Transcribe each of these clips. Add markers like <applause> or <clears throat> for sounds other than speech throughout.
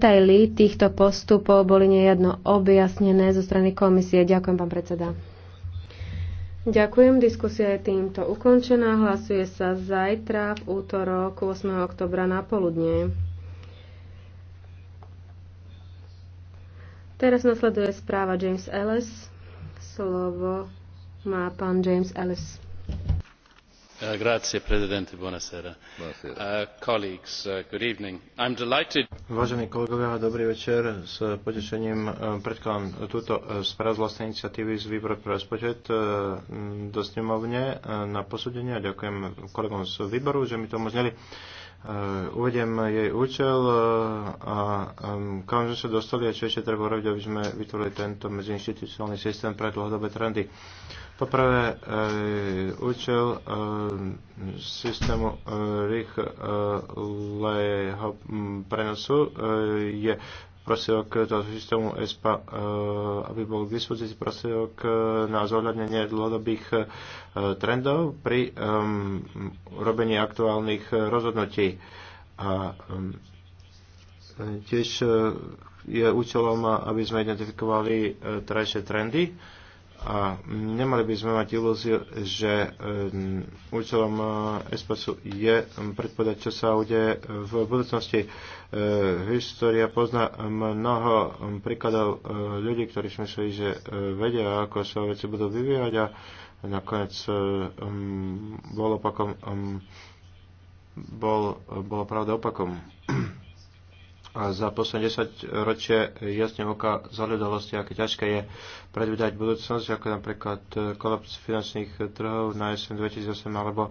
Detaily týchto postupov boli nejedno objasnené zo strany komisie. Ďakujem, pán predseda. Ďakujem, diskusia je týmto ukončená. Hlasuje sa zajtra v útorok 8. oktobra na poludne. Teraz nasleduje správa James Ellis. Slovo má pán James Ellis. Uh, uh, uh, vážení kolegovia dobrý večer s potešením predkladám túto správu z vlastnej iniciatívy z výboru pre rozpočet mm, do snemovne na posúdenie a ďakujem kolegom z výboru že mi to umožnili uvediem jej účel a um, kam sme sa dostali a čo ešte treba urobiť, aby sme vytvorili tento medziinstitucionálny systém pre dlhodobé trendy. Poprvé, uh, účel uh, systému uh, rýchleho prenosu uh, je prostriedok toho systému ESPA, aby bol k dispozícii prostriedok na zohľadnenie dlhodobých trendov pri um, robení aktuálnych rozhodnutí. A um, tiež je účelom, aby sme identifikovali trajšie trendy a nemali by sme mať ilúziu, že ehm, účelom eh, ESPASu je ehm, predpovedať, čo sa udeje v budúcnosti. Eh, história pozná mnoho ehm, príkladov eh, ľudí, ktorí si mysleli, že vedia, ako sa veci budú vyvíjať a nakoniec bol opakom, bol, bol pravda opakom a za posledné 10 ročie jasne oka zahľadovosti, aké ťažké je predvídať budúcnosť, ako napríklad e, kolaps finančných trhov na sm 2008 alebo e,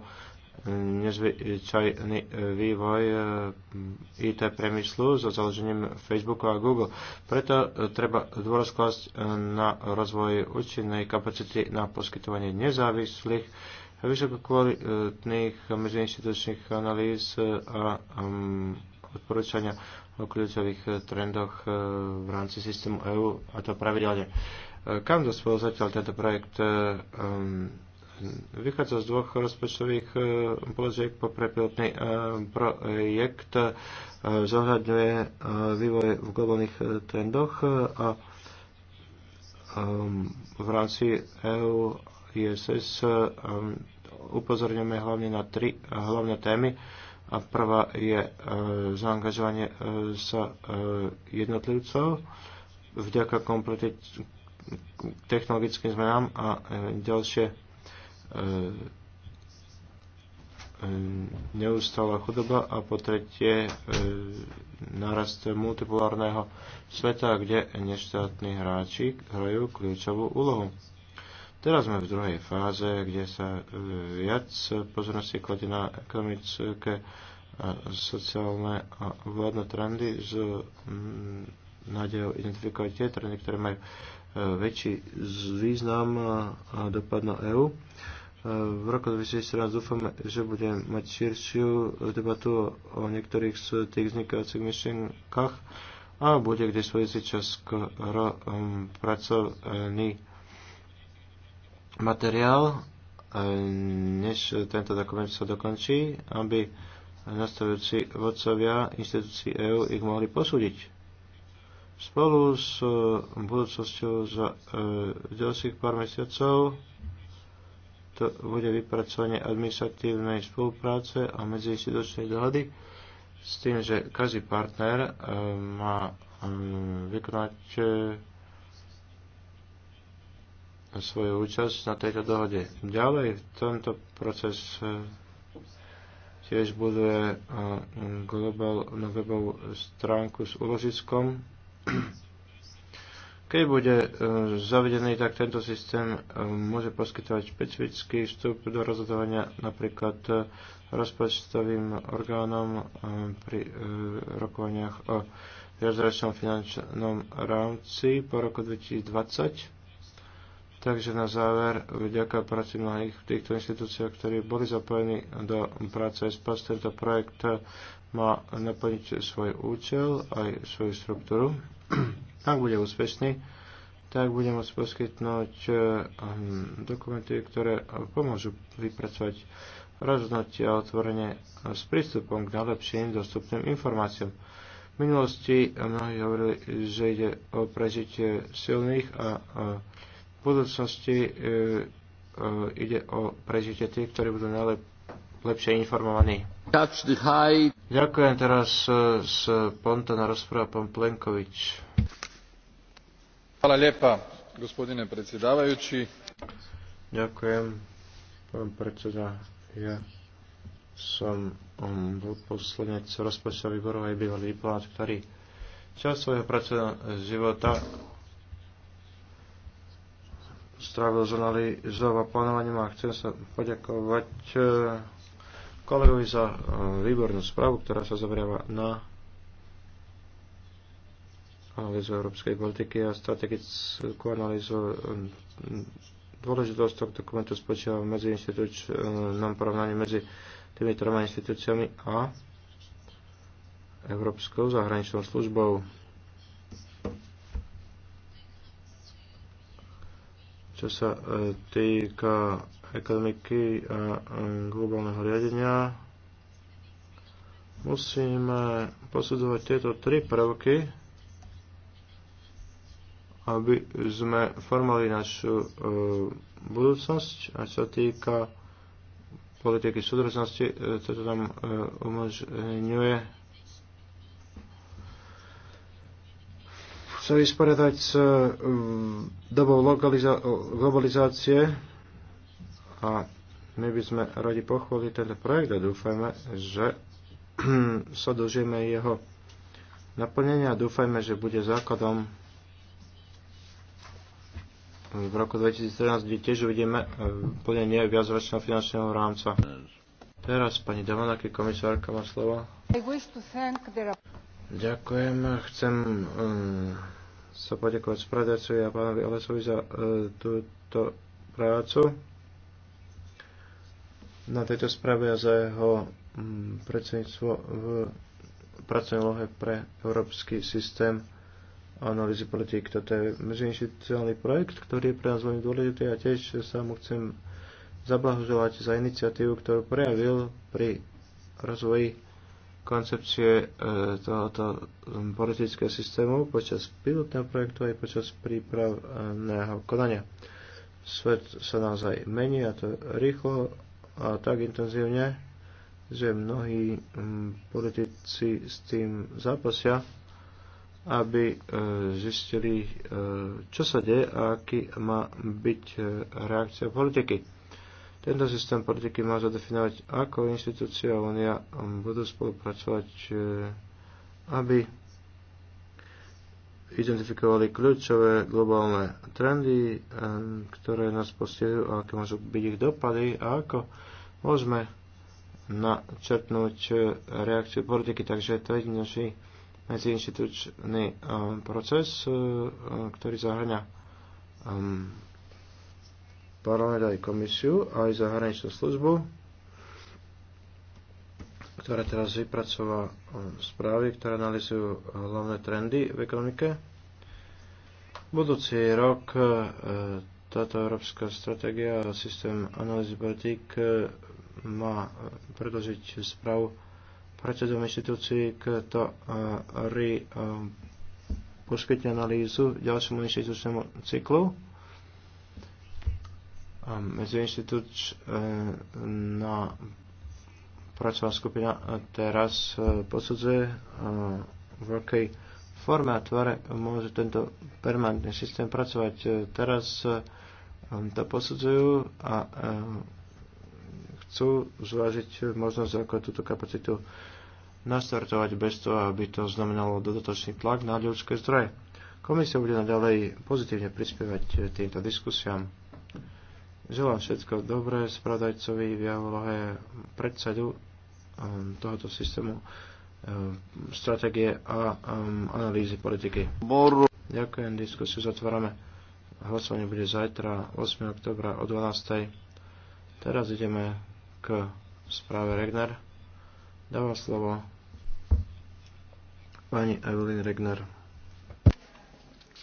nezvyčajný e, vývoj IT priemyslu so založením Facebooku a Google. Preto treba dôraz na rozvoj účinnej kapacity na poskytovanie nezávislých vysokokvalitných medziinstitučných analýz a odporúčania o kľúčových eh, trendoch eh, v rámci systému EÚ a to pravidelne. Eh, kam dospel zatiaľ tento projekt? Ehm, vychádza z dvoch rozpočtových položiek po prepilotný projekt, zohľadňuje vývoj v globálnych trendoch a ehm, v rámci EÚ ISS ehm, upozorňujeme hlavne na tri hlavné témy a prvá je e, zaangažovanie e, sa e, jednotlivcov vďaka komplete technologickým zmenám a e, ďalšie e, e neustála chudoba a po tretie e, narast multipolárneho sveta, kde neštátni hráči hrajú kľúčovú úlohu. Teraz sme v druhej fáze, kde sa e, viac pozornosti kladie na ekonomické a sociálne a vládne trendy s mm, nádejou identifikovať tie trendy, ktoré majú e, väčší význam a dopad na EÚ. E, v roku 2014 dúfam, že budem mať širšiu debatu o niektorých z tých vznikajúcich myšlienkach a bude k dispozícii čas k pracovný materiál, e, než tento dokument sa dokončí, aby nastavujúci vodcovia inštitúcií EÚ ich mohli posúdiť. Spolu s e, budúcnosťou za e, ďalších pár mesiacov to bude vypracovanie administratívnej spolupráce a medziinstitučnej dohody s tým, že každý partner e, má e, vykonať e, svoju účasť na tejto dohode. Ďalej tento proces e, tiež buduje e, global na webovú stránku s uložiskom, Keď bude e, zavedený, tak tento systém môže poskytovať špecifický vstup do rozhodovania napríklad rozpočtovým orgánom pri rokovaniach o viacročnom finančnom rámci po roku 2020 Takže na záver, vďaka práci mnohých v týchto inštitúciách, ktorí boli zapojení do práce SPAS, tento projekt má naplniť svoj účel aj svoju štruktúru. <clears throat> Ak bude úspešný, tak budem môcť poskytnúť ehm, dokumenty, ktoré pomôžu vypracovať rozhodnutia otvorene s prístupom k najlepším dostupným informáciám. V minulosti mnohí hovorili, že ide o prežitie silných a, a v budúcnosti e, e, ide o prežitie tých, ktorí budú najlepšie informovaní. Ďakujem teraz e, Ponta na rozpráva pán Plenkovič. Hvala lepa, gospodine predsjedavajući. Ďakujem, pán predseda. Ja som um, bol poslanec rozpočtového výboru aj bývalý diplomat, ktorý čas svojho pracovného života strávil zanalizova plánovaním a chcem sa poďakovať e, kolegovi za e, výbornú správu, ktorá sa zameriava na analýzu európskej politiky a strategickú analýzu. E, dôležitosť tohto dokumentu spočíva v medziinstitučnom porovnaní medzi tými troma inštitúciami a Európskou zahraničnou službou. Čo sa e, týka ekonomiky a e, globálneho riadenia, musíme posudzovať tieto tri prvky, aby sme formovali našu e, budúcnosť a čo sa týka politiky súdržnosti, toto tam umožňuje sa vysporiadať s e, dobou globalizácie a my by sme radi pochválili tento projekt a dúfajme, že <clears throat> sa dožijeme jeho naplnenia a dúfajme, že bude základom v roku 2013, kde tiež uvidíme e, plnenie viacročného finančného rámca. Teraz pani Damanaky, komisárka, má slovo. Ďakujem. Chcem um, sa poďakovať spravodajcovi a pánovi Olesovi za e, túto prácu na tejto správe a za jeho m, mm, predsedníctvo v pracovnej lohe pre európsky systém analýzy politik. Toto je medziinstitucionálny projekt, ktorý je pre nás veľmi dôležitý a tiež sa mu chcem zablahoželať za iniciatívu, ktorú prejavil pri rozvoji koncepcie e, tohoto politického systému počas pilotného projektu aj počas prípravného konania. Svet sa naozaj mení a to rýchlo a tak intenzívne, že mnohí politici s tým zápasia, aby e, zistili, e, čo sa deje a aký má byť reakcia politiky tento systém politiky má zadefinovať, ako inštitúcia a Unia um, budú spolupracovať, eh, aby identifikovali kľúčové globálne trendy, eh, ktoré nás postihujú a aké môžu byť ich dopady a ako môžeme načrtnúť eh, reakciu politiky. Takže to je naši medziinstitučný proces, ktorý zahrňa um, parlament aj komisiu, aj zahraničnú službu, ktorá teraz vypracová e, správy, ktoré analizujú hlavné trendy v ekonomike. Budúci rok e, táto európska stratégia a systém analýzy politik e, má predložiť správu predsedom inštitúcií, ktorý poskytne analýzu ďalšiemu inštitúčnému cyklu E, na pracovná skupina e, teraz e, posudzuje v akej forme a tvare môže tento permanentný systém pracovať. Teraz to posudzujú a chcú zvážiť možnosť, ako túto kapacitu nastartovať bez toho, aby to znamenalo dodatočný tlak na ľudské zdroje. Komisia bude naďalej pozitívne prispievať týmto diskusiám. Želám všetko dobré spravodajcovi v javolohe predsedu um, tohoto systému um, stratégie a um, analýzy politiky. Ďakujem, diskusiu zatvárame. Hlasovanie bude zajtra 8. oktobra o 12. Teraz ideme k správe Regner. Dávam slovo pani Evelyn Regner.